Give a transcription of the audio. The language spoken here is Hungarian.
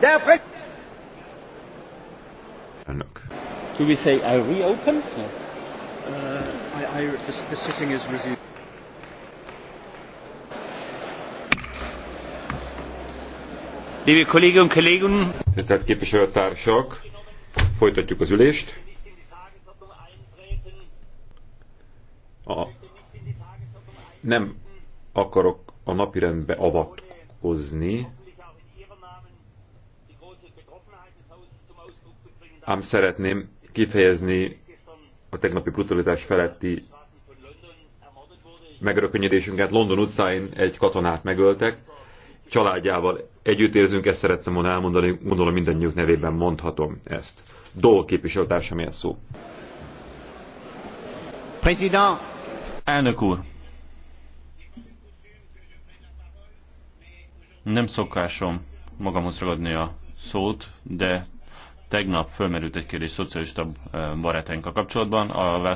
De a pre... Önök. Do we say I reopen? Uh, I, I, the, the sitting is resumed. Liebe Kolleginnen und Kollegen, tisztelt képviselőtársak, folytatjuk az ülést. A, nem akarok a napirendbe avatkozni, Ám szeretném kifejezni a tegnapi brutalitás feletti megrökönyödésünket. London utcáin egy katonát megöltek, családjával együtt érzünk, ezt szerettem volna elmondani, gondolom mindannyiuk nevében mondhatom ezt. Dol képviselőtársam ilyen szó. President. Elnök úr! Nem szokásom magamhoz ragadni a szót, de tegnap fölmerült egy kérdés szocialista eh, barátainkkal kapcsolatban. A